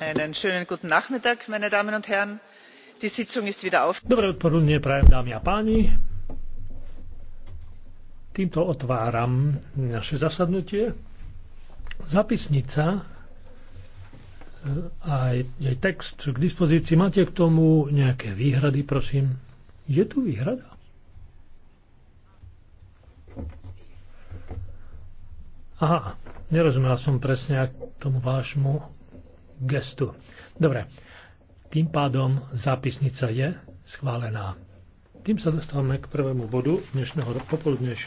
einen schönen guten nachmittag meine damen und herren! die sitzung ist wieder auf. dobré odpoludnie prajem dámy a páni. týmto otváram naše zasadnutie. Zapisnica eh, a jej text k dispozícii. Máte k tomu nejaké výhrady, prosím? Je tu výhrada? Aha, nerozumela som presne tomu vášmu gestu. Dobre, tým pádom zápisnica je schválená. Tým sa dostávame k prvému bodu dnešného popoludnejšieho.